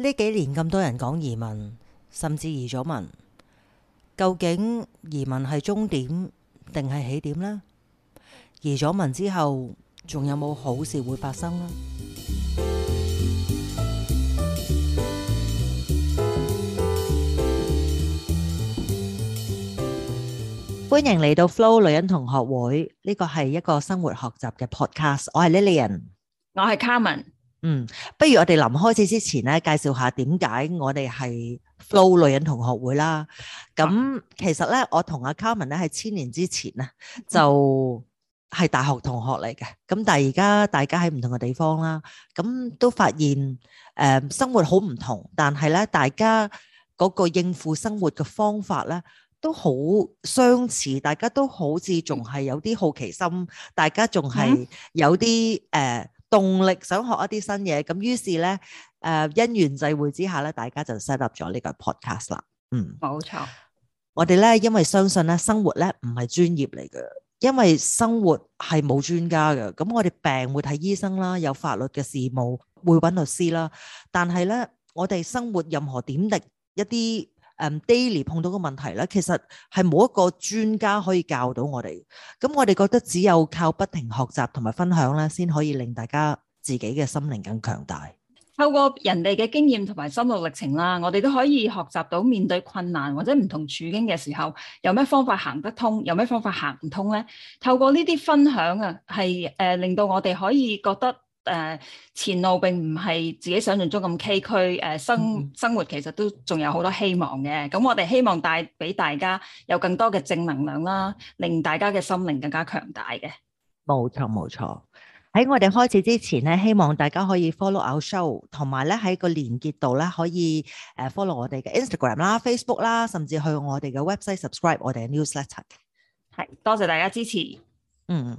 呢幾年咁多人講移民，甚至移咗民，究竟移民係終點定係起點呢？移咗民之後，仲有冇好事會發生呢？歡迎嚟到 Flo 女人同學會，呢個係一個生活學習嘅 podcast。我係 Lillian，我係 Carmen。嗯，不如我哋臨開始之前咧，介紹下點解我哋係 Flo 女人同學會啦。咁、嗯、其實咧，我同阿 Carmen 咧喺千年之前咧就係、是、大學同學嚟嘅。咁但係而家大家喺唔同嘅地方啦，咁都發現誒、呃、生活好唔同，但係咧大家嗰個應付生活嘅方法咧都好相似，大家都好似仲係有啲好奇心，大家仲係有啲誒。嗯呃動力想學一啲新嘢，咁於是咧，誒因緣際會之下咧，大家就 set up 咗呢個 podcast 啦。嗯，冇錯。我哋咧，因為相信咧，生活咧唔係專業嚟嘅，因為生活係冇專家嘅。咁我哋病會睇醫生啦，有法律嘅事務會揾律師啦，但係咧，我哋生活任何點滴一啲。Um, daily 碰到個問題啦，其實係冇一個專家可以教到我哋，咁我哋覺得只有靠不停學習同埋分享咧，先可以令大家自己嘅心靈更強大。透過人哋嘅經驗同埋心路歷程啦，我哋都可以學習到面對困難或者唔同處境嘅時候，有咩方法行得通，有咩方法行唔通咧？透過呢啲分享啊，係誒、呃、令到我哋可以覺得。誒、呃，前路並唔係自己想象中咁崎嶇，誒、呃，生生活其實都仲有好多希望嘅。咁我哋希望帶俾大家有更多嘅正能量啦，令大家嘅心靈更加強大嘅。冇錯，冇錯。喺我哋開始之前咧，希望大家可以 follow our show，同埋咧喺個連結度咧可以誒 follow 我哋嘅 Instagram 啦、Facebook 啦，甚至去我哋嘅 website subscribe 我哋嘅 newsletter。係，多謝大家支持。嗯。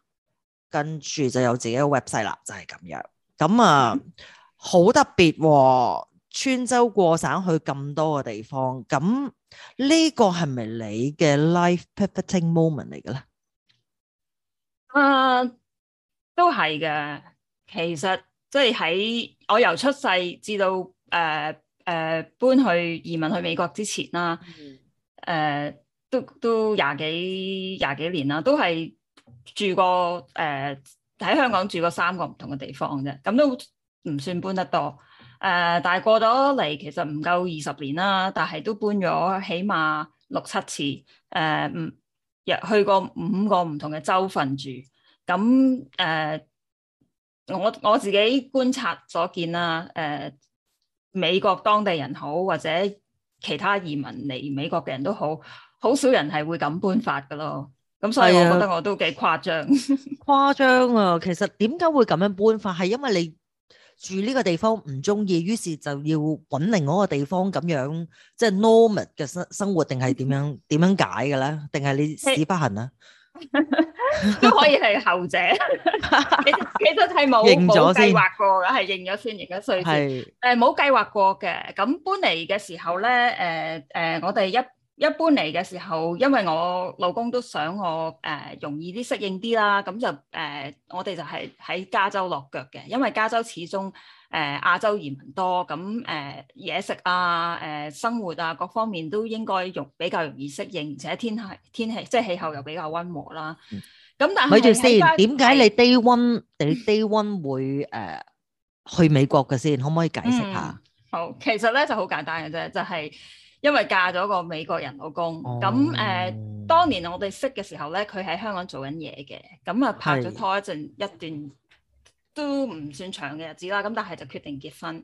跟住就有自己嘅 website 啦，就係、是、咁樣。咁啊，好、嗯、特別、哦，穿州過省去咁多個地方。咁呢個係咪你嘅 life pivoting moment 嚟嘅咧？啊，都係嘅。其實即係喺我由出世至到誒誒、呃呃、搬去移民去美國之前啦，誒都都廿幾廿幾年啦，都係。都住過誒喺、呃、香港住過三個唔同嘅地方啫，咁都唔算搬得多。誒、呃，但係過咗嚟其實唔夠二十年啦，但係都搬咗起碼六七次。誒、呃，唔入去過五個唔同嘅州份住。咁誒、呃，我我自己觀察所見啦，誒、呃、美國當地人好，或者其他移民嚟美國嘅人都好，好少人係會咁搬法噶咯。咁所以，我覺得我都幾誇張啊。 誇張啊！其實點解會咁樣搬法，係因為你住呢個地方唔中意，於是就要揾另外個地方咁樣，即係 normal 嘅生生活，定係點樣點樣解嘅咧？定係你屎不行啊？都可以係後者。其實係冇冇計劃過嘅，係認咗先認咗先。係冇是、呃、計劃過嘅。咁搬嚟嘅時候咧，誒、呃、誒、呃呃，我哋一。一般嚟嘅時候，因為我老公都想我誒、呃、容易啲適應啲啦，咁、呃、就誒我哋就係喺加州落腳嘅，因為加州始終誒亞洲移民多，咁誒嘢食啊、誒、呃、生活啊各方面都應該容比較容易適應，而且天氣天氣即係氣候又比較溫和啦。咁、嗯、但係，我哋先點解你 day one 你 day one 會、呃、去美國嘅先，可唔可以解釋下、嗯？好，其實咧就好簡單嘅啫，就係、是。就是因為嫁咗個美國人老公，咁誒、oh.，uh, 當年我哋識嘅時候咧，佢喺香港做緊嘢嘅，咁啊拍咗拖一陣一段都唔算長嘅日子啦，咁是但係就決定結婚。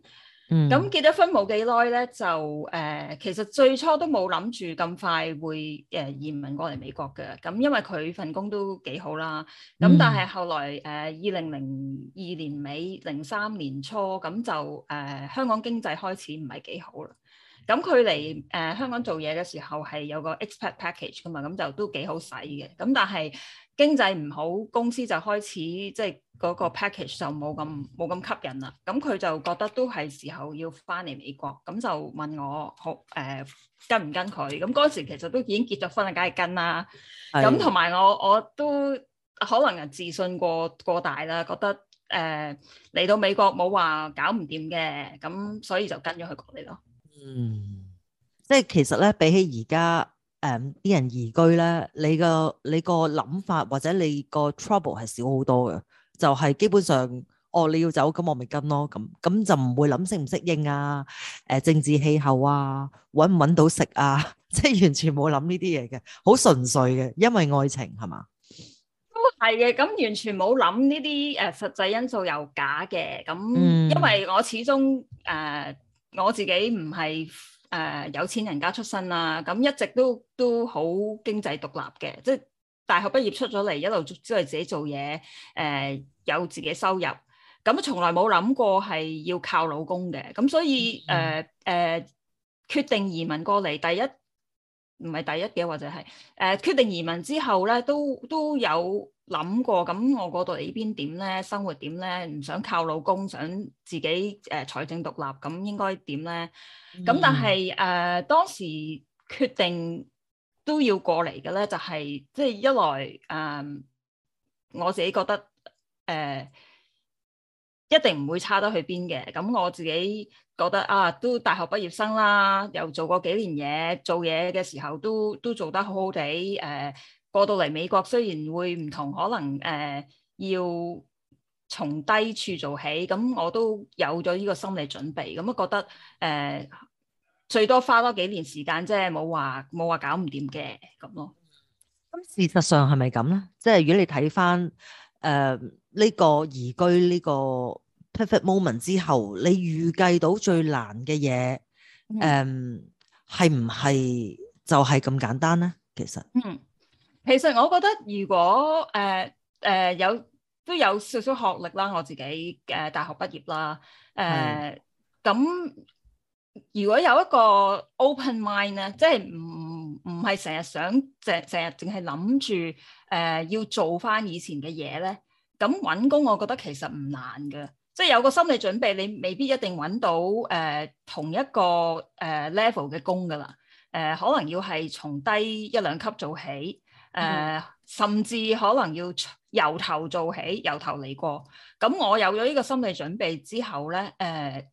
咁、嗯、結咗婚冇幾耐咧，就誒，uh, 其實最初都冇諗住咁快會誒移民過嚟美國嘅，咁因為佢份工都幾好啦。咁、嗯、但係後來誒二零零二年尾零三年初，咁就誒、uh, 香港經濟開始唔係幾好啦。咁佢嚟誒香港做嘢嘅時候係有個 expat package 㗎嘛，咁就都幾好使嘅。咁但係經濟唔好，公司就開始即係嗰個 package 就冇咁冇咁吸引啦。咁佢就覺得都係時候要翻嚟美國，咁就問我好誒、呃、跟唔跟佢？咁嗰時其實都已經結咗婚啦，梗係跟啦。咁同埋我我都可能自信心過過大啦，覺得誒嚟、呃、到美國冇話搞唔掂嘅，咁所以就跟咗佢過嚟咯。嗯，即係其實咧，比起而、呃、家誒啲人移居咧，你個你個諗法或者你個 trouble 係少好多嘅，就係、是、基本上哦，你要走咁我咪跟咯，咁咁就唔會諗適唔適應啊，誒、呃、政治氣候啊，搵唔搵到食啊，即係完全冇諗呢啲嘢嘅，好純粹嘅，因為愛情係嘛，都係嘅，咁完全冇諗呢啲誒實際因素又假嘅，咁、嗯、因為我始終誒。呃我自己唔係誒有錢人家出身啦、啊，咁一直都都好經濟獨立嘅，即係大學畢業出咗嚟，一路都係自己做嘢，誒、呃、有自己收入，咁從來冇諗過係要靠老公嘅，咁所以誒誒、嗯呃呃、決定移民過嚟，第一唔係第一嘅，或者係誒、呃、決定移民之後咧，都都有。諗過咁，我過到嚟呢邊點咧，生活點咧，唔想靠老公，想自己誒、呃、財政獨立，咁應該點咧？咁、嗯、但係誒、呃、當時決定都要過嚟嘅咧，就係即係一來誒、呃，我自己覺得誒、呃、一定唔會差得去邊嘅。咁我自己覺得啊，都大學畢業生啦，又做過幾年嘢，做嘢嘅時候都都做得好好哋誒。呃過到嚟美國雖然會唔同，可能誒、呃、要從低處做起，咁我都有咗呢個心理準備，咁我覺得誒、呃、最多花多幾年時間，即係冇話冇話搞唔掂嘅咁咯。咁事實上係咪咁咧？即係如果你睇翻誒呢個移居呢、呢個 perfect moment 之後，你預計到最難嘅嘢誒係唔係就係咁簡單咧？其實嗯。其實我覺得，如果誒誒、呃呃、有都有少少學歷啦，我自己誒、呃、大學畢業啦，誒、呃、咁、嗯、如果有一個 open mind 咧，即係唔唔係成日想成成日淨係諗住誒要做返以前嘅嘢咧，咁揾工我覺得其實唔難嘅，即係有個心理準備，你未必一定揾到誒、呃、同一個誒、呃、level 嘅工㗎喇，誒、呃、可能要係從低一兩級做起。誒，uh, 甚至可能要由頭做起，由頭嚟過。咁我有咗呢個心理準備之後咧，誒、呃、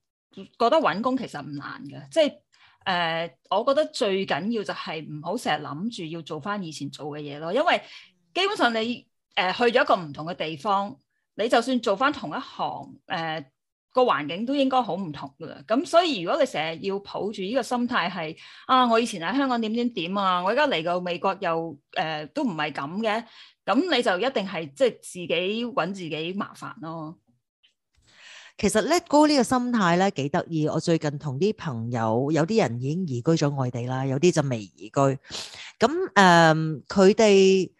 覺得揾工其實唔難嘅。即係誒、呃，我覺得最緊要就係唔好成日諗住要做翻以前做嘅嘢咯。因為基本上你誒、呃、去咗一個唔同嘅地方，你就算做翻同一行誒、呃個環境都應該好唔同噶，咁所以如果你成日要抱住呢個心態，係啊，我以前喺香港點點點啊，我而家嚟到美國又誒都唔係咁嘅，咁你就一定係即係自己搵自己麻煩咯。其實 let go 呢個心態咧幾得意，我最近同啲朋友，有啲人已經移居咗外地啦，有啲就未移居。咁誒，佢哋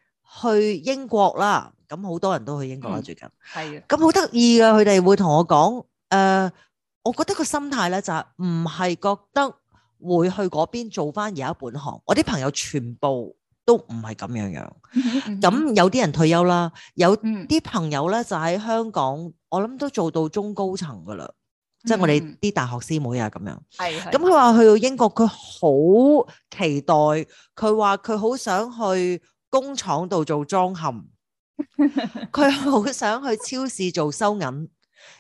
去英國啦，咁好多人都去英國啦。最近係啊，咁好得意噶，佢哋會同我講。誒，uh, 我覺得個心態咧就係唔係覺得會去嗰邊做翻而家本行，我啲朋友全部都唔係咁樣樣。咁 有啲人退休啦，有啲朋友咧就喺香港，我諗都做到中高層噶啦，即係 我哋啲大學師妹啊咁樣。係， 咁佢話去到英國，佢好期待，佢話佢好想去工廠度做裝嵌，佢好 想去超市做收銀。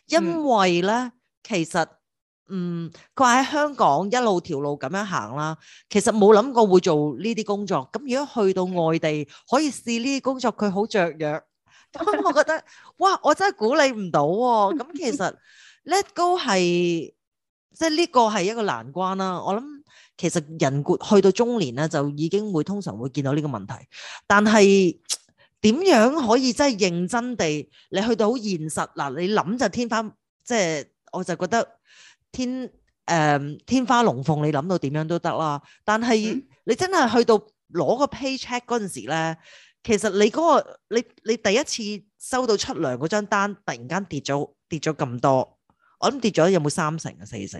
因為咧，其實嗯，佢話喺香港一路條路咁樣行啦，其實冇諗過會做呢啲工作。咁如果去到外地可以試呢啲工作，佢好雀躍。咁我覺得， 哇，我真係鼓勵唔到、啊。咁其實，Let go 係即係呢個係一個難關啦、啊。我諗其實人去到中年咧，就已經會通常會見到呢個問題，但係。點樣可以真係認真地？你去到好現實嗱，你諗就天花，即係我就覺得天誒、呃、天花龍鳳，你諗到點樣都得啦。但係、嗯、你真係去到攞個 paycheck 嗰陣時咧，其實你嗰、個你你第一次收到出糧嗰張單，突然間跌咗跌咗咁多，我諗跌咗有冇三成啊四成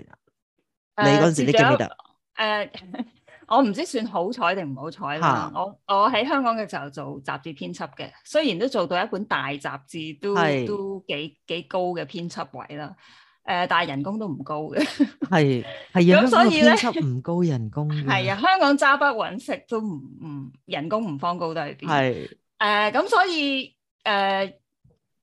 啊？你嗰陣時、uh, 你記唔記得？Uh, 我唔知算好彩定唔好彩啦。我我喺香港嘅時候做雜誌編輯嘅，雖然都做到一本大雜誌，都是都幾幾高嘅編輯位啦。誒、呃，但係人工都唔高嘅。係 係，咁所以咧，編輯唔高人工嘅。係啊、嗯，香港揸筆搵食都唔唔，人工唔方高得一啲。係誒，咁所以誒、呃、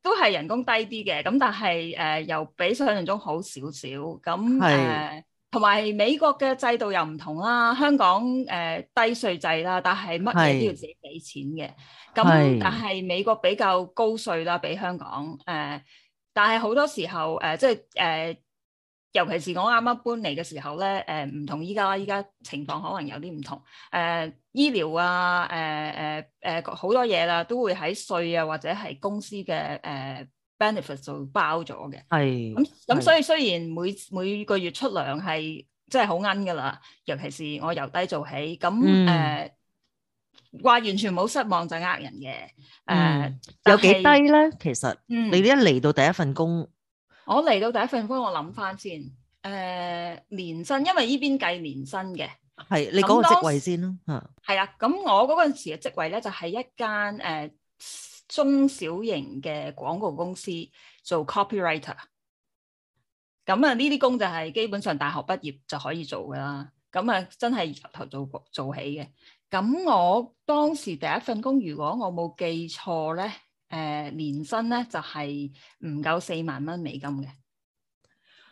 都係人工低啲嘅。咁但係誒又比想象中好少少。咁、嗯、誒。呃同埋美國嘅制度又唔同啦，香港誒、呃、低稅制啦，但係乜嘢都要自己俾錢嘅。咁是但係美國比較高稅啦，比香港誒、呃。但係好多時候誒，即係誒，尤其是我啱啱搬嚟嘅時候咧，誒、呃、唔同依家，依家情況可能有啲唔同。誒、呃、醫療啊，誒誒誒、好多嘢啦，都會喺稅啊，或者係公司嘅誒。呃 benefit 就包咗嘅，咁咁是所以雖然每是每個月出糧係真係好奀噶啦，尤其是我由低做起，咁誒話完全冇失望就人呃人嘅誒。嗯、是有幾低咧？其實、嗯、你哋一嚟到第一份工，我嚟到第一份工，我諗翻先誒年薪，因為呢邊計年薪嘅，係你講個職位先啦嚇。係啊，咁我嗰陣時嘅職位咧就係一間誒。嗯嗯 中小型嘅廣告公司做 copywriter，咁啊呢啲工就係基本上大學畢業就可以做㗎喇。咁啊真係由頭做做起嘅。咁我當時第一份工，如果我冇記錯咧，誒、呃、年薪咧就係唔夠四萬蚊美金嘅。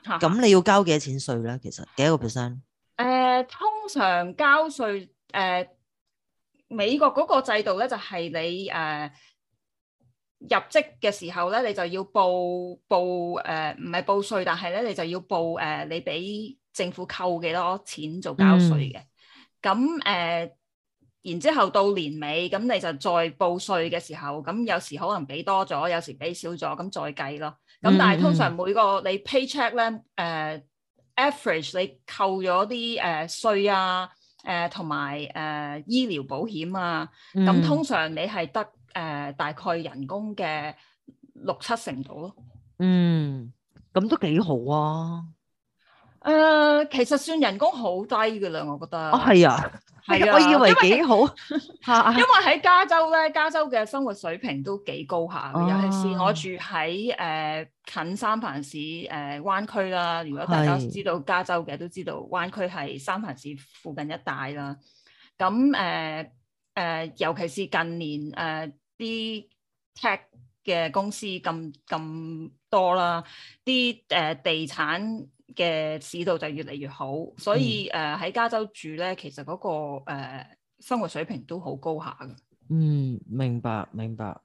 咁你要交幾多錢稅咧？其實幾多個 percent？誒，通常交稅誒、呃、美國嗰個制度咧，就係你誒。入職嘅時候咧，你就要報報誒，唔、呃、係報稅，但係咧你就要報誒、呃，你俾政府扣幾多錢做交稅嘅。咁誒、嗯呃，然之後到年尾，咁你就再報稅嘅時候，咁有時可能俾多咗，有時俾少咗，咁再計咯。咁但係通常每個你 paycheck 咧，誒、呃、average 你扣咗啲誒稅啊，誒同埋誒醫療保險啊，咁、嗯、通常你係得。誒、呃、大概人工嘅六七成度咯，嗯，咁都幾好啊！誒、呃，其實算人工好低㗎啦，我覺得。哦，係啊，係啊，啊我以為幾好吓，因為喺 加州咧，加州嘅生活水平都幾高下，啊、尤其是我住喺誒、呃、近三藩市誒、呃、灣區啦。如果大家知道加州嘅都知道，灣區係三藩市附近一帶啦。咁誒誒，尤其是近年誒。呃啲 tech 嘅公司咁咁多啦，啲誒地產嘅市道就越嚟越好，所以誒喺加州住咧，其實嗰個生活水平都好高下嘅。嗯，明白明白，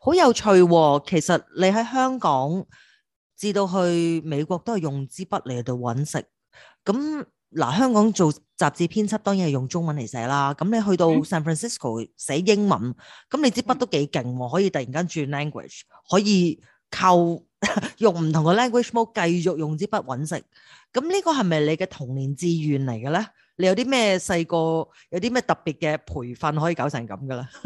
好有趣喎、哦！其實你喺香港至到去美國都係用支筆嚟度揾食，咁。嗱，香港做雜誌編輯當然係用中文嚟寫啦。咁你去到 San Francisco 寫英文，咁、嗯、你支筆都幾勁，可以突然間轉 language，可以靠用唔同嘅 language mode 繼續用支筆揾食。咁呢個係咪你嘅童年志願嚟嘅咧？你有啲咩細個，有啲咩特別嘅培訓可以搞成咁噶啦？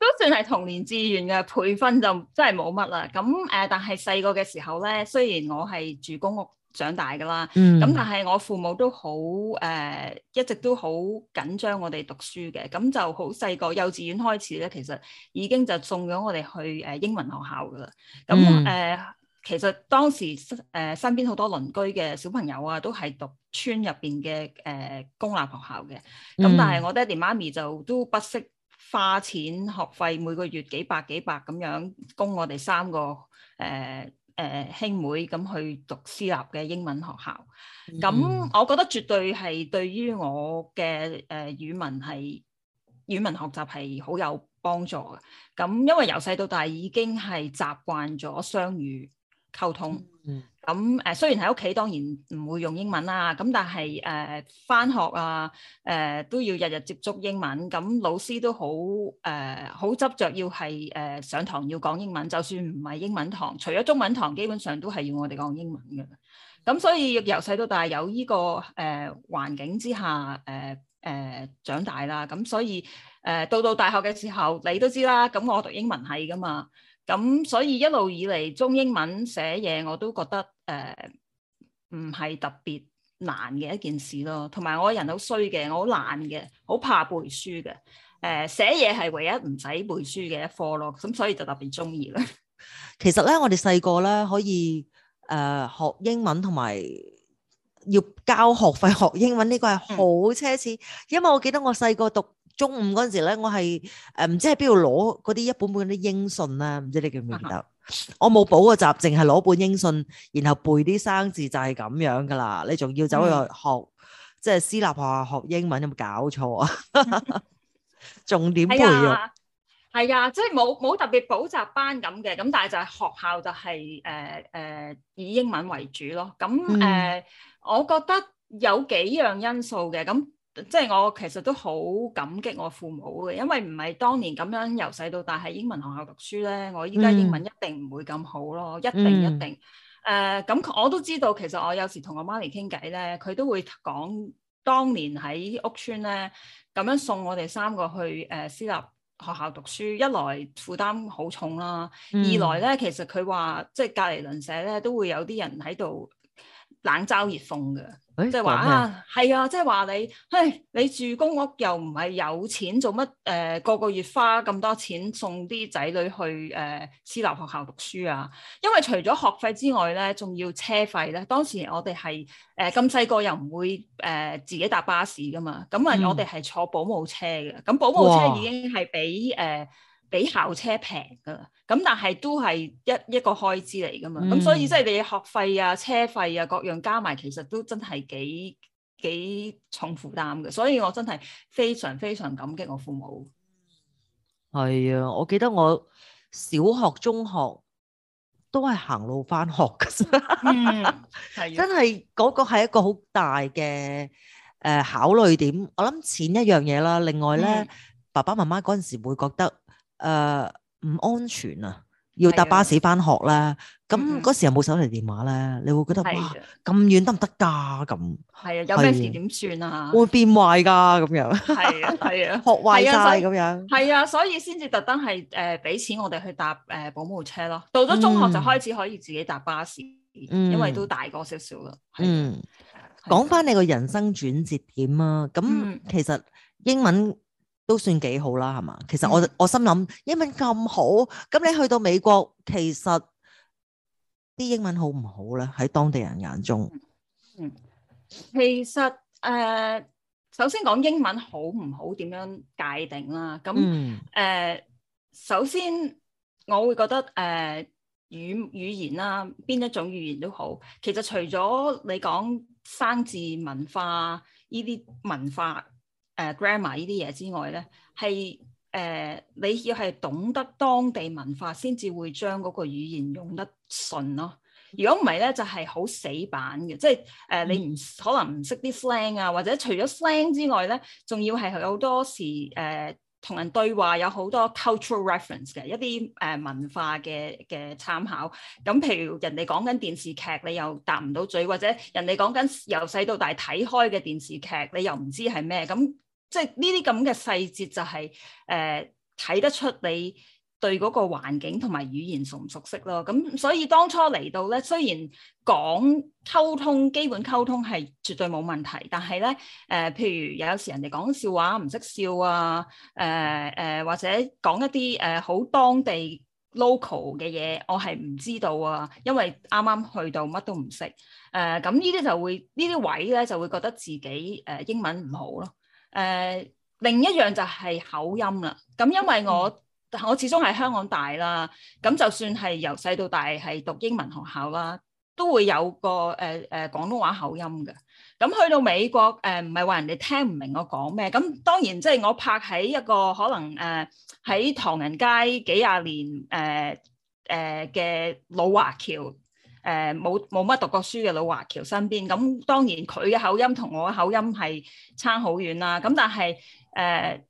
都算係童年志願嘅培訓，就真係冇乜啦。咁誒、呃，但係細個嘅時候咧，雖然我係住公屋。長大噶啦，咁、嗯、但係我父母都好誒、呃，一直都好緊張我哋讀書嘅，咁就好細個幼稚園開始咧，其實已經就送咗我哋去誒、呃、英文學校噶啦。咁誒、嗯呃，其實當時誒、呃、身邊好多鄰居嘅小朋友啊，都係讀村入邊嘅誒公立學校嘅。咁、嗯嗯、但係我爹哋媽咪就都不惜花錢學費，每個月幾百幾百咁樣供我哋三個誒。呃誒、uh, 兄妹咁去讀私立嘅英文學校，咁、嗯、我覺得絕對係對於我嘅誒、呃、語文係語文學習係好有幫助嘅。咁因為由細到大已經係習慣咗雙語溝通。嗯咁誒雖然喺屋企當然唔會用英文啦、啊，咁但係誒返學啊誒、呃、都要日日接觸英文，咁老師都好誒好執着要係誒、呃、上堂要講英文，就算唔係英文堂，除咗中文堂，基本上都係要我哋講英文嘅。咁所以由細到大有依、呢個誒、呃、環境之下誒誒、呃呃、長大啦，咁所以誒、呃、到到大學嘅時候你都知啦，咁我讀英文系㗎嘛。咁所以一路以嚟中英文寫嘢我都覺得誒唔係特別難嘅一件事咯，同埋我個人好衰嘅，我好懶嘅，好怕背書嘅，誒寫嘢係唯一唔使背書嘅一科咯，咁所以就特別中意啦。其實咧，我哋細個咧可以誒、呃、學英文同埋要交學費學英文呢、呢個係好奢侈，嗯、因為我記得我細個讀。中午嗰陣時咧，我係誒唔知喺邊度攞嗰啲一本本啲英信啦，唔知你記唔記得？Uh huh. 我冇補過習，淨係攞本英信，然後背啲生字就係咁樣噶啦。你仲要走去學，嗯、即係私立學校學英文，有冇搞錯 啊？仲點背要？係啊，即係冇冇特別補習班咁嘅，咁但係就係學校就係誒誒以英文為主咯。咁誒，嗯呃，我覺得有幾樣因素嘅咁。即係我其實都好感激我父母嘅，因為唔係當年咁樣由細到大喺英文學校讀書咧，我依家英文一定唔會咁好咯，一定、嗯、一定。誒咁、呃嗯、我都知道，其實我有時同我媽咪傾偈咧，佢都會講當年喺屋村咧咁樣送我哋三個去誒、呃、私立學校讀書，一來負擔好重啦，嗯、二來咧其實佢話即係隔離鄰舍咧都會有啲人喺度，冷嘲熱諷嘅，即係話啊，係啊，即係話你，唉，你住公屋又唔係有錢，做乜誒？個個月花咁多錢送啲仔女去誒、呃、私立學校讀書啊？因為除咗學費之外咧，仲要車費咧。當時我哋係誒咁細個，又唔會誒、呃、自己搭巴士噶嘛，咁啊我哋係坐保姆車嘅，咁、嗯、保姆車已經係比誒哇、呃、比校車平噶。咁但係都係一一個開支嚟噶嘛，咁、嗯、所以即係你學費啊、車費啊各樣加埋，其實都真係幾幾重負擔嘅。所以我真係非常非常感激我父母。係啊，我記得我小學、中學都係行路返學嘅， 啊、真係嗰、嗰個係一個好大嘅誒、呃、考慮點。我諗錢一樣嘢啦，另外呢，嗯、爸爸媽媽嗰陣時會覺得誒。呃唔安全啊！要搭巴士翻學咧，咁嗰時又冇手提電話咧，你會覺得哇咁遠得唔得噶咁？係啊，有咩事點算啊？會變壞噶咁樣，係啊係啊，學壞晒咁樣。係啊，所以先至特登係誒俾錢我哋去搭誒保姆車咯。到咗中學就開始可以自己搭巴士，因為都大個少少啦。嗯，講翻你個人生轉折點啊！咁其實英文。都算幾好啦，係嘛？其實我我心諗英文咁好，咁你去到美國，其實啲英文好唔好咧？喺當地人眼中，嗯，其實誒，首先講英文好唔好，點樣界定啦？咁誒，首先我會覺得誒語語言啦，邊一種語言都好，其實除咗你講生字文化依啲文化。誒、uh, grammar 呢啲嘢之外咧，係誒、呃、你要係懂得當地文化先至會將嗰個語言用得順咯。如果唔係咧，就係、是、好死板嘅，即係誒、呃、你唔可能唔識啲 slang 啊，或者除咗 slang 之外咧，仲要係有好多時誒同、呃、人對話有好多 cultural reference 嘅一啲誒、呃、文化嘅嘅參考。咁譬如人哋講緊電視劇，你又答唔到嘴，或者人哋講緊由細到大睇開嘅電視劇，你又唔知係咩咁。即係呢啲咁嘅細節，就是，就係誒睇得出你對嗰個環境同埋語言熟唔熟悉咯。咁、嗯、所以當初嚟到咧，雖然講溝通基本溝通係絕對冇問題，但係咧誒，譬如有時人哋講笑話唔識笑啊，誒、呃、誒、呃、或者講一啲誒好當地 local 嘅嘢，我係唔知道啊，因為啱啱去到乜都唔識誒，咁呢啲就會呢啲位咧就會覺得自己誒、呃、英文唔好咯。誒、uh, 另一樣就係口音啦，咁因為我、嗯、我始終喺香港大啦，咁就算係由細到大係讀英文學校啦，都會有個誒誒、uh, uh, 廣東話口音嘅。咁去到美國誒，唔係話人哋聽唔明我講咩，咁當然即係我拍喺一個可能誒喺、uh, 唐人街幾廿年誒誒嘅老華僑。誒冇冇乜讀過書嘅老華僑身邊，咁當然佢嘅口音同我嘅口音係差好遠啦。咁但係誒、呃、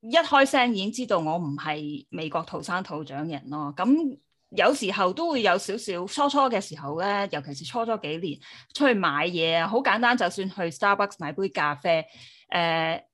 一開聲已經知道我唔係美國土生土長人咯。咁有時候都會有少少初初嘅時候咧，尤其是初初幾年出去買嘢啊，好簡單，就算去 Starbucks 買杯咖啡，誒、呃、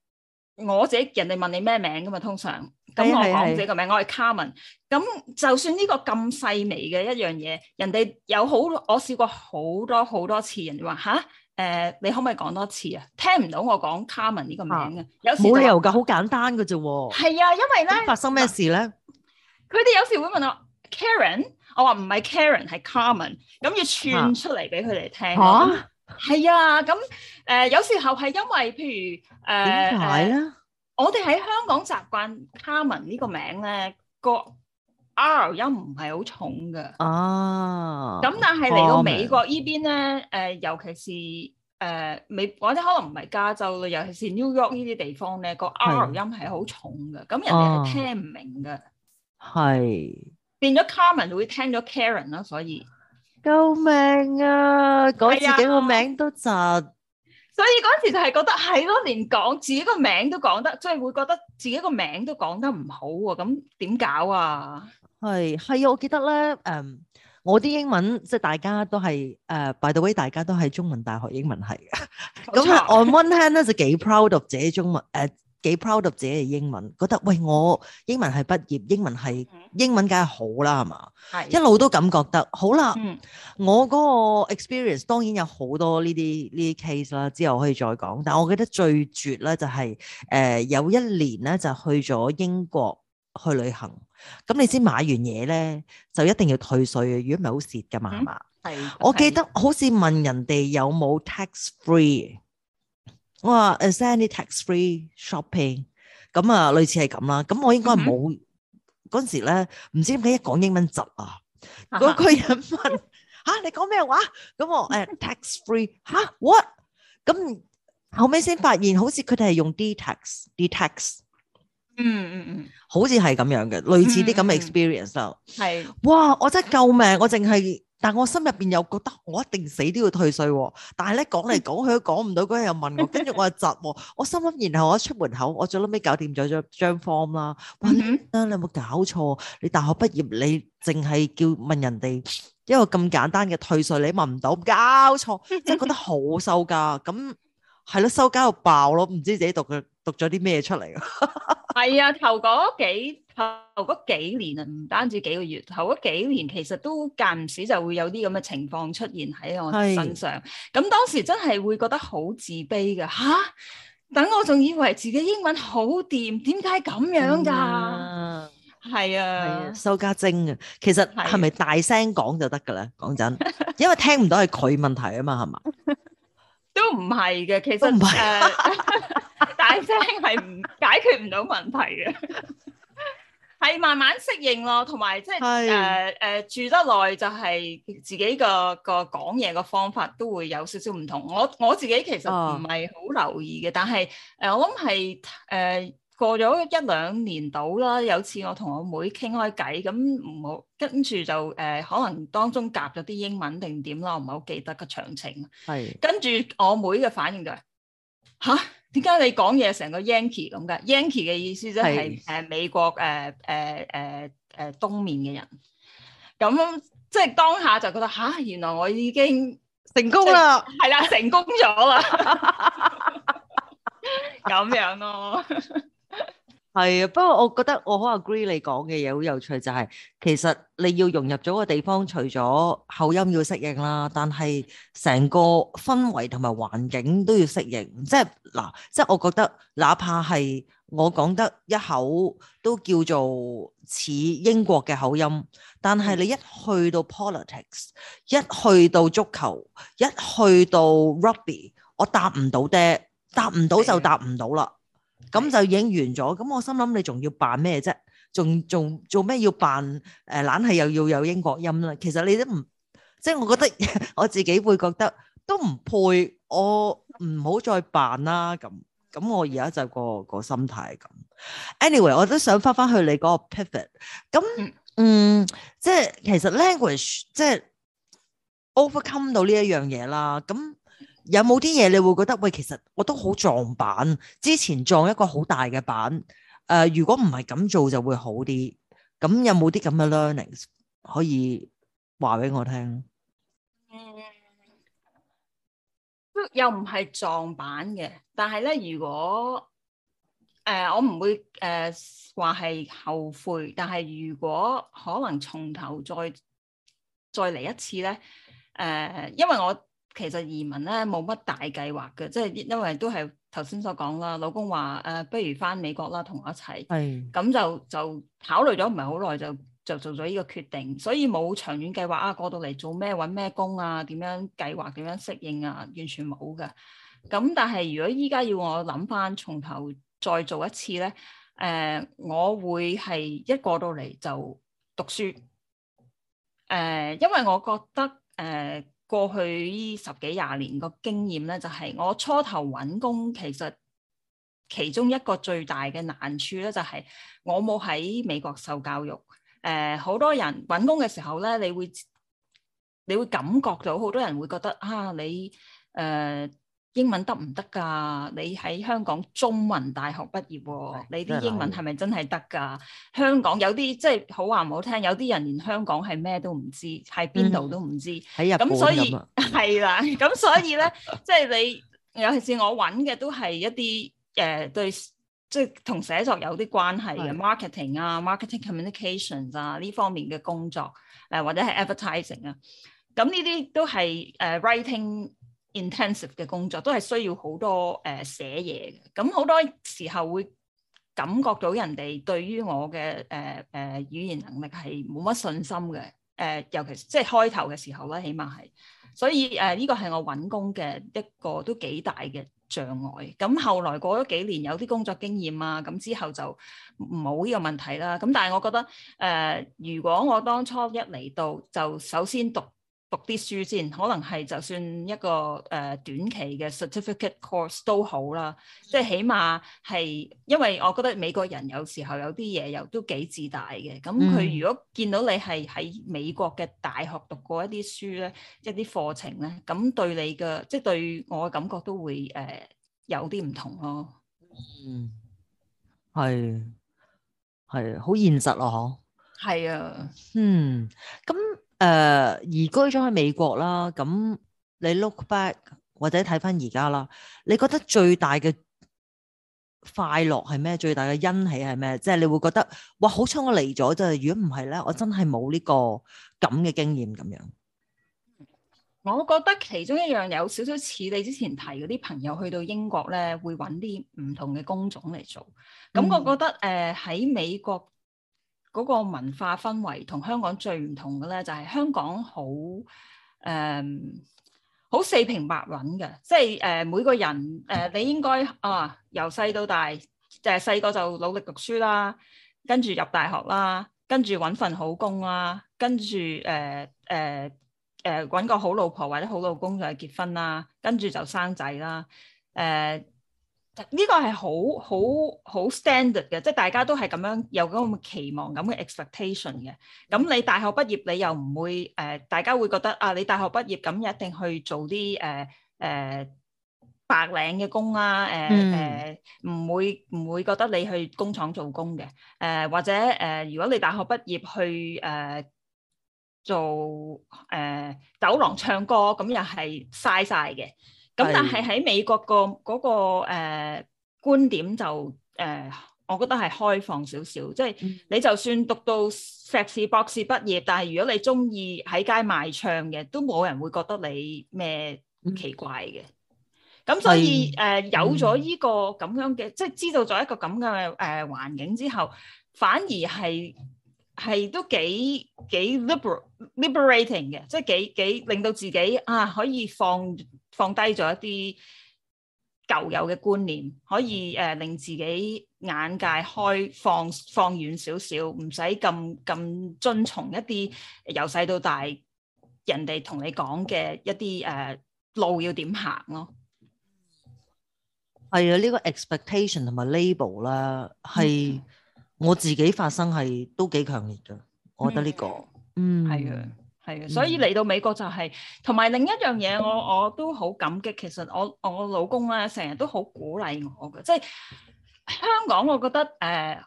我自己人哋問你咩名㗎嘛，通常。咁我講自己個名，我係 Carmen。咁就算呢個咁細微嘅一樣嘢，人哋有好，我試過好多好多次，人哋話吓，誒，你可唔可以講多次啊？聽唔到我講 Carmen 呢個名啊！有時冇理由㗎，好簡單嘅啫喎。係啊，因為咧發生咩事咧？佢哋有時會問我 Karen，我話唔係 Karen，係 Carmen。咁要串出嚟俾佢哋聽。嚇，係啊，咁誒有時候係因為譬如誒點解咧？我哋喺香港習慣 Carmen 呢個名咧，個 R 音唔係好重㗎。哦、啊，咁但係嚟到美國依邊咧，誒、啊、尤其是誒美、呃、或者可能唔係加州啦，尤其是 New York 呢啲地方咧，個 R 音係好重㗎，咁是人哋係聽唔明㗎。係、啊、變咗 Carmen 會聽咗 Karen 啦，所以救命啊！改自己個名都窒。所以嗰時就係覺得係咯，連講自己個名都講得，所以會覺得自己個名都講得唔好喎。咁點搞啊？係係啊，我記得咧，誒，我啲英文即係大家都係誒，by the way，大家都係中文大學英文系嘅，咁啊，on one hand 咧就幾 proud of 自己中文誒。幾 proud of 自己嘅英文，覺得喂我英文系畢業，英文係英文，梗係好啦，係嘛？一路都感覺得好啦。我嗰個 experience 當然有好多呢啲呢啲 case 啦，之後可以再講。但係我記得最絕咧就係誒有一年咧就去咗英國去旅行，咁你先買完嘢咧就一定要退稅，如果唔係好蝕噶嘛，係嘛？係，我記得好似問人哋有冇 tax free。我話，Is there any tax-free shopping，咁啊，類似係咁啦。咁我應該冇嗰陣時咧，唔知點解一講英文窒啊。嗰哈個人問：吓， 你講咩話？咁我誒 tax-free 吓 what？咁後尾先發現，好似佢哋係用 d tax，d tax。嗯嗯嗯，好似係咁樣嘅，類似啲咁嘅 experience 咯。係。哇！我真係救命，我淨係～但我心入邊又覺得我一定死都要退稅喎，但係咧講嚟講去都講唔到，嗰日又問我問，跟住我又窒，我心諗。然後我一出門口，我最後尾搞掂咗，就張 form 啦，你有冇搞錯？你大學畢業你淨係叫問人哋一個咁簡單嘅退稅，你問唔到，搞錯，即係覺得好羞家，咁係咯，羞家又爆咯，唔知自己讀嘅。讀咗啲咩出嚟？係 啊，頭嗰幾頭嗰幾年啊，唔單止幾個月，頭嗰幾年其實都間唔時就會有啲咁嘅情況出現喺我身上。咁是當時真係會覺得好自卑㗎吓、啊。等我仲以為自己英文好掂，點解咁樣㗎？係啊，收家精啊！其實係咪是大聲講就得㗎啦？講真，因為聽唔到係佢問題啊嘛，係嘛？ 都唔係嘅，其實唔係、誒、呃、 大聲係唔解決唔到問題嘅，係 慢慢適應咯，同埋即係誒誒住得耐就係自己個個講嘢個方法都會有少少唔同。我我自己其實唔係好留意嘅，哦、但係誒、呃、我諗係誒。呃過咗一兩年到啦，有次我同我妹傾開偈，咁唔好跟住就誒、呃，可能當中夾咗啲英文定點啦，我唔係好記得個詳情。係是跟住我妹嘅反應就係、是：吓？點解你講嘢成個 Yankee 咁㗎？Yankee 嘅意思即係誒美國誒誒誒誒東面嘅人。咁、嗯、即係當下就覺得吓？原來我已經成功啦，係啦、就是，成功咗啦，咁 樣咯、啊。係啊，不過我覺得我好 agree 你講嘅嘢，好有趣，就係其實你要融入咗個地方，除咗口音要適應啦，但係成個氛圍同埋環境都要適應。即係嗱，即係我覺得，哪怕係我講得一口都叫做似英國嘅口音，但係你一去到 politics，一去到足球，一去到 rugby，我答唔到爹，答唔到就答唔到啦。咁就已經完咗，咁我心諗你仲要扮咩啫？仲仲做咩要扮？誒、呃，懶係又要有英國音啦。其實你都唔，即係我覺得我自己會覺得都唔配我，我唔好再扮啦。咁咁，我而家就個個心態咁。Anyway，我都想翻翻去你嗰個 pivot。咁嗯，即係其實 language 即係 overcome 到呢一樣嘢啦。咁。有冇啲嘢你會覺得喂，其實我都好撞板，之前撞一個好大嘅板，誒、呃，如果唔係咁做就會好啲。咁有冇啲咁嘅 learnings 可以話俾我聽？嗯，又唔係撞板嘅，但係咧，如果誒、呃、我唔會誒話係後悔，但係如果可能從頭再再嚟一次咧，誒、呃，因為我。其實移民咧冇乜大計劃嘅，即係因為都係頭先所講啦。老公話誒、呃，不如翻美國啦，同我一齊。係咁是就就考慮咗唔係好耐，就就做咗呢個決定，所以冇長遠計劃啊。過到嚟做咩揾咩工啊？點樣計劃？點樣適應啊？完全冇嘅。咁但係如果依家要我諗翻，從頭再做一次咧，誒、呃，我會係一過到嚟就讀書。誒、呃，因為我覺得誒。呃過去呢十幾廿年個經驗咧，就係我初頭搵工，其實其中一個最大嘅難處咧，就係我冇喺美國受教育。誒、呃，好多人搵工嘅時候咧，你會你會感覺到好多人會覺得啊，你誒。呃英文得唔得噶？你喺香港中文大學畢業、啊，的你啲英文係咪真係得噶？的香港有啲即係好話唔好聽，有啲人連香港係咩都唔知，係邊度都唔知。喺、嗯、日本咁，所以係啦，咁樣所以咧，即、就、係、是、你，尤其是我揾嘅都係一啲誒、呃，對即係同寫作有啲關係嘅的 marketing 啊，marketing communications 啊呢方面嘅工作，誒、呃、或者係 advertising 啊，咁呢啲都係誒、呃、writing。intensive 嘅工作都係需要好多誒寫嘢嘅，咁、呃、好多時候會感覺到人哋對於我嘅誒誒語言能力係冇乜信心嘅，誒、呃、尤其即係開頭嘅時候咧，起碼係，所以誒呢個係我搵工嘅一個都幾大嘅障礙。咁後來過咗幾年有啲工作經驗啊，咁之後就唔好呢個問題啦。咁但係我覺得誒、呃、如果我當初一嚟到就首先讀。讀啲書先，可能係就算一個誒、呃、短期嘅 certificate course 都好啦，即係起碼係，因為我覺得美國人有時候有啲嘢又都幾自大嘅，咁佢、嗯、如果見到你係喺美國嘅大學讀過一啲書咧，一啲課程咧，咁對你嘅即係對我嘅感覺都會誒、呃、有啲唔同咯。啊啊、嗯，係係好現實咯，嗬。係啊，嗯，咁。誒、uh，移居咗喺美國啦，咁你 look back 或者睇返而家啦，你覺得最大嘅快樂係咩？最大嘅欣喜係咩？即係你會覺得哇，好彩我嚟咗，即係如果唔係咧，我真係冇呢個咁嘅經驗咁樣。我覺得其中一樣有少少似你之前提嗰啲朋友去到英國咧，會揾啲唔同嘅工種嚟做。咁我覺得誒喺、嗯呃、美國。嗰個文化氛圍同香港最唔同嘅咧，就係、是、香港好誒好四平八穩嘅，即係誒、呃、每個人誒、呃，你應該啊由細到大誒細個就努力讀書啦，跟住入大學啦，跟住揾份好工啦，跟住誒誒誒揾個好老婆或者好老公就再結婚啦，跟住就生仔啦，誒、呃。呢個係好好好 standard 嘅，即係大家都係咁樣有咁嘅期望咁嘅 expectation 嘅。咁你大學畢業，你又唔會誒、呃，大家會覺得啊，你大學畢業咁一定去做啲誒誒白領嘅工啦、啊，誒、呃、誒，唔、嗯呃、會唔會覺得你去工廠做工嘅？誒、呃、或者誒、呃，如果你大學畢業去誒、呃、做誒、呃、走廊唱歌，咁又係嘥曬嘅。咁，但係喺美國個嗰個誒觀點就誒，我覺得係開放少少。即係你就算讀到碩士、博士畢業，但係如果你中意喺街賣唱嘅，都冇人會覺得你咩奇怪嘅。咁所以誒，有咗依個咁樣嘅，即係知道咗一個咁嘅誒環境之後，反而係係都幾幾 liberal liberating 嘅，即係幾幾令到自己啊可以放。放低咗一啲舊有嘅觀念，可以誒、呃、令自己眼界開放放遠少少，唔使咁咁遵從一啲由細到大人哋同你講嘅一啲誒、呃、路要點行咯。係啊，呢個 expectation 同埋 label 啦，係我自己發生係都幾強烈㗎。嗯、我覺得呢個嗯係嘅。係，所以嚟到美國就係同埋另一樣嘢，我我都好感激。其實我我老公咧，成日都好鼓勵我嘅。即係香港，我覺得誒、呃、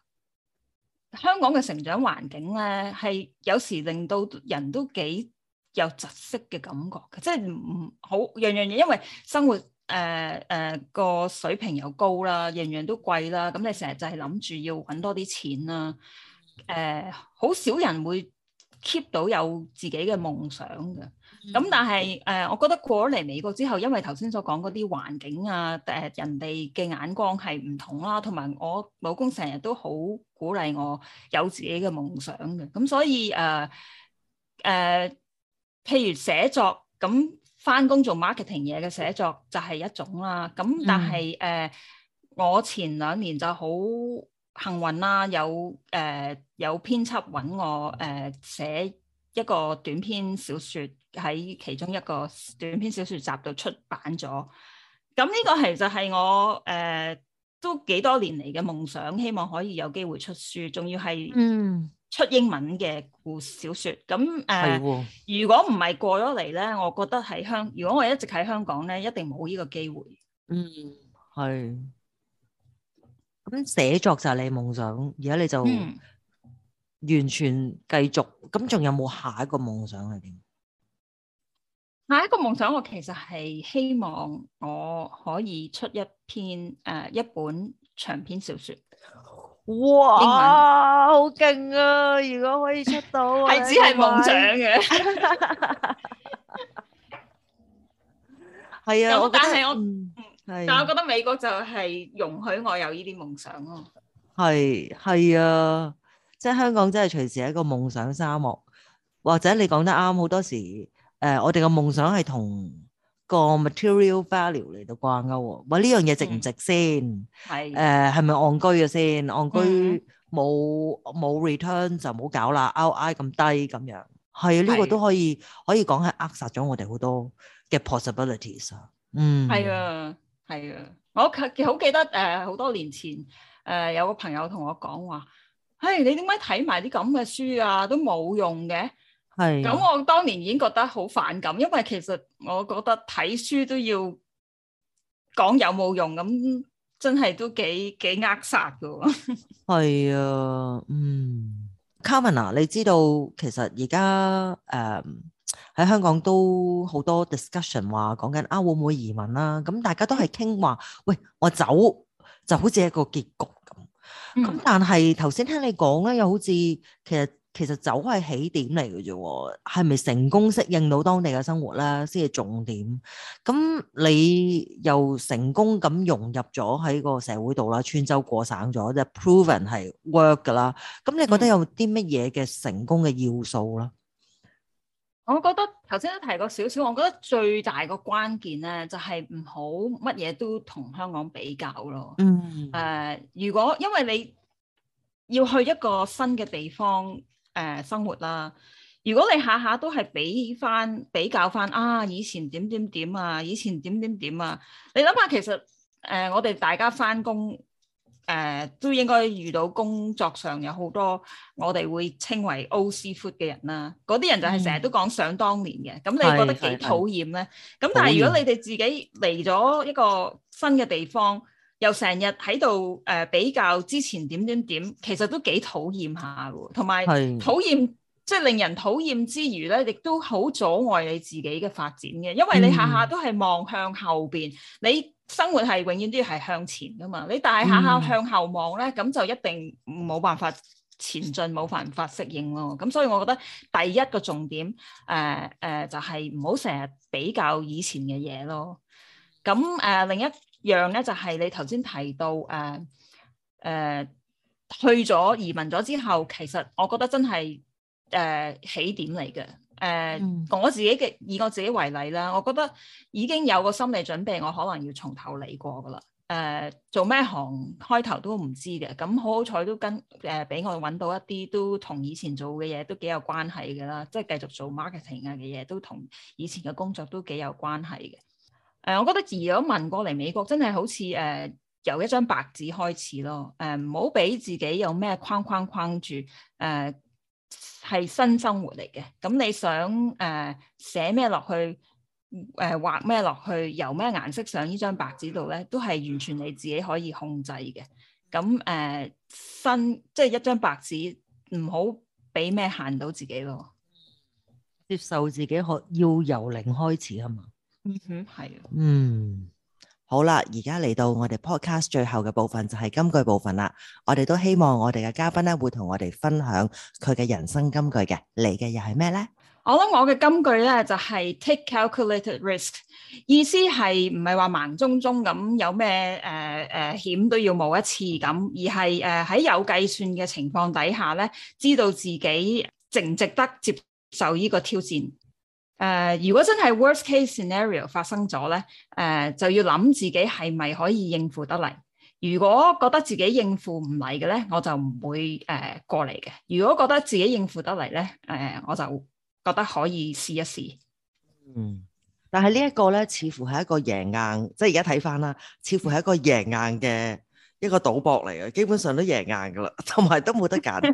香港嘅成長環境咧，係有時令到人都幾有窒息嘅感覺嘅。即係唔唔好樣樣嘢，因為生活誒誒個水平又高啦，樣樣都貴啦，咁你成日就係諗住要揾多啲錢啦。誒、呃，好少人會 keep 到有自己嘅夢想嘅，咁、嗯、但係誒，uh, 我覺得過咗嚟美國之後，因為頭先所講嗰啲環境啊，誒人哋嘅眼光係唔同啦，同埋我老公成日都好鼓勵我有自己嘅夢想嘅，咁所以誒誒，uh, uh, 譬如寫作，咁返工做 marketing 嘢嘅寫作就係一種啦，咁但係誒，嗯 uh, 我前兩年就好幸運啦、啊，有誒、呃、有編輯搵我誒寫、呃、一個短篇小說喺其中一個短篇小說集度出版咗。咁呢個係其實係我誒、呃、都幾多年嚟嘅夢想，希望可以有機會出書，仲要係嗯出英文嘅故小說。咁誒，呃嗯、如果唔係過咗嚟咧，我覺得喺香如果我一直喺香港咧，一定冇呢個機會。嗯，係。咁寫作就係你夢想，而家你就完全繼續。咁仲有冇下一個夢想係點？下一個夢想，我其實係希望我可以出一篇誒一本長篇小說。哇，好勁啊！如果可以出到，係只係夢想嘅。係啊，我覺得，但係我。但係我覺得美國就係容許我有呢啲夢想咯、哦。係係啊，即係香港真係隨時係一個夢想沙漠，或者你講得啱，好多時誒、呃，我哋嘅夢想係同個 material value 嚟到掛鈎喎。哇，呢樣嘢值唔值先？係誒、嗯，係咪戇居嘅先？戇居冇冇 return 就冇搞啦 ROI 咁低咁樣。係啊，呢、呢個都可以是可以講係扼殺咗我哋好多嘅 possibilities 啊。嗯，係啊。係啊，我好記得誒，好多年前誒有個朋友同我講話，誒，你點解睇埋啲咁嘅書啊，都冇用嘅？係。咁我當年已經覺得好反感，因為其實我覺得睇書都要講有冇用，咁真係都幾幾扼殺噶。係啊，嗯，Carmen，你知道其實而家誒。喺香港都好多 discussion 話講緊啊會唔會移民啦、啊？咁大家都係傾話，喂，我走就好似一個結局咁。咁、嗯、但係頭先聽你講咧，又好似其實其實走係起點嚟嘅啫，係咪成功適應到當地嘅生活咧先係重點？咁你又成功咁融入咗喺個社會度啦，穿州過省咗，即係、嗯、proven 係 work 噶啦。咁你覺得有啲乜嘢嘅成功嘅要素咧？我覺得頭先都提過少少，我覺得最大個關鍵咧，就係唔好乜嘢都同香港比較咯。嗯。誒、呃，如果因為你要去一個新嘅地方誒、呃、生活啦，如果你下下都係比翻比較翻啊，以前點點點啊，以前點點點啊，你諗下其實誒、呃，我哋大家翻工。誒、呃、都應該遇到工作上有好多我哋會稱為 old seafood 嘅人啦，嗰啲人就係成日都講想當年嘅，咁、嗯、你覺得幾討厭咧？咁但係如果你哋自己嚟咗一個新嘅地方，厭又成日喺度誒比較之前點點點，其實都幾討厭下喎，同埋討厭即係令人討厭之餘咧，亦都好阻礙你自己嘅發展嘅，因為你下下都係望向後邊你。嗯。生活係永遠都要係向前噶嘛，你大下下向後望咧，咁、嗯、就一定冇辦法前進，冇辦法適應咯。咁所以我覺得第一個重點，誒、呃、誒、呃、就係唔好成日比較以前嘅嘢咯。咁誒、呃、另一樣咧就係、是、你頭先提到誒誒、呃呃、去咗移民咗之後，其實我覺得真係誒、呃、起點嚟嘅。誒，uh, 我自己嘅以我自己為例啦，我覺得已經有個心理準備，我可能要從頭嚟過㗎喇。誒、uh，做咩行開頭都唔知嘅，咁好好彩都跟誒俾、呃、我搵到一啲都同以前做嘅嘢都幾有關係嘅啦，即係繼續做 marketing 啊嘅嘢都同以前嘅工作都幾有關係嘅。誒、uh，我覺得如果問過嚟美國真係好似誒、uh, 由一張白紙開始咯。誒，唔好俾自己有咩框框框住誒。Uh, 係新生活嚟嘅，咁你想誒寫咩落去，誒畫咩落去，由咩顏色上張紙呢張白紙度咧，都係完全你自己可以控制嘅。咁誒、呃、新即係、就是、一張白紙，唔好俾咩限到自己咯。接受自己學要由零開始吖嘛？嗯哼，嗯，係。嗯。好啦，而家嚟到我哋 podcast 最後嘅部分就係金句部分啦。我哋都希望我哋嘅嘉賓咧會同我哋分享佢嘅人生金句嘅。嚟嘅又係咩咧？我諗我嘅金句咧就係 take calculated risk，意思係唔係話盲中中咁有咩誒誒險都要冒一次咁，而係誒喺有計算嘅情況底下咧，知道自己值唔值得接受呢個挑戰。誒，uh, 如果真係 worst case scenario 發生咗咧，誒、uh, 就要諗自己係咪可以應付得嚟？如果覺得自己應付唔嚟嘅咧，我就唔會誒、uh, 過嚟嘅。如果覺得自己應付得嚟咧，誒、uh, 我就覺得可以試一試。嗯，但係呢一個咧，似乎係一個贏硬，即係而家睇翻啦，似乎係一個贏硬嘅一個賭博嚟嘅，基本上都贏硬㗎啦，同埋都冇得揀。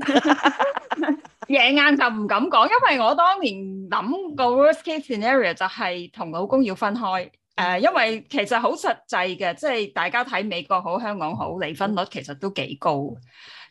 夜硬就唔敢講，因為我當年諗個 worst case scenario 就係同老公要分開。誒、呃，因為其實好實際嘅，即係大家睇美國好、香港好，離婚率其實都幾高。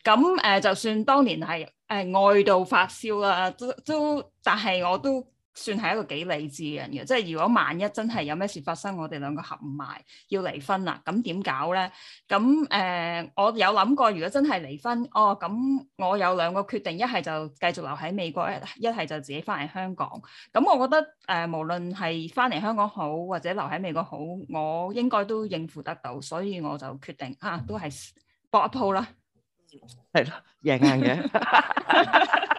咁誒、呃，就算當年係誒愛到發燒啦、啊，都都，但係我都算係一個幾理智嘅人嘅，即係如果萬一真係有咩事發生，我哋兩個合唔埋要離婚啦，咁點搞咧？咁誒、呃，我有諗過，如果真係離婚，哦，咁我有兩個決定，一係就繼續留喺美國，一係就自己翻嚟香港。咁我覺得誒、呃，無論係翻嚟香港好或者留喺美國好，我應該都應付得到，所以我就決定啊，都係搏一鋪啦。係，贏硬嘅。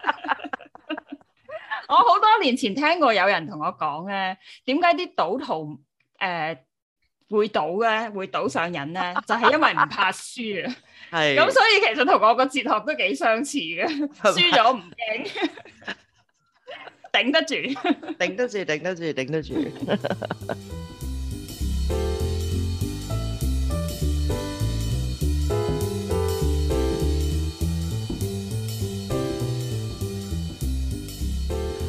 我好多年前聽過有人同我講咧，點解啲賭徒誒會賭咧，會賭上癮咧，就係因為唔怕輸啊。係。咁所以其實同我個哲學都幾相似嘅，輸咗唔驚，頂得住，頂得住，頂得住，頂得住。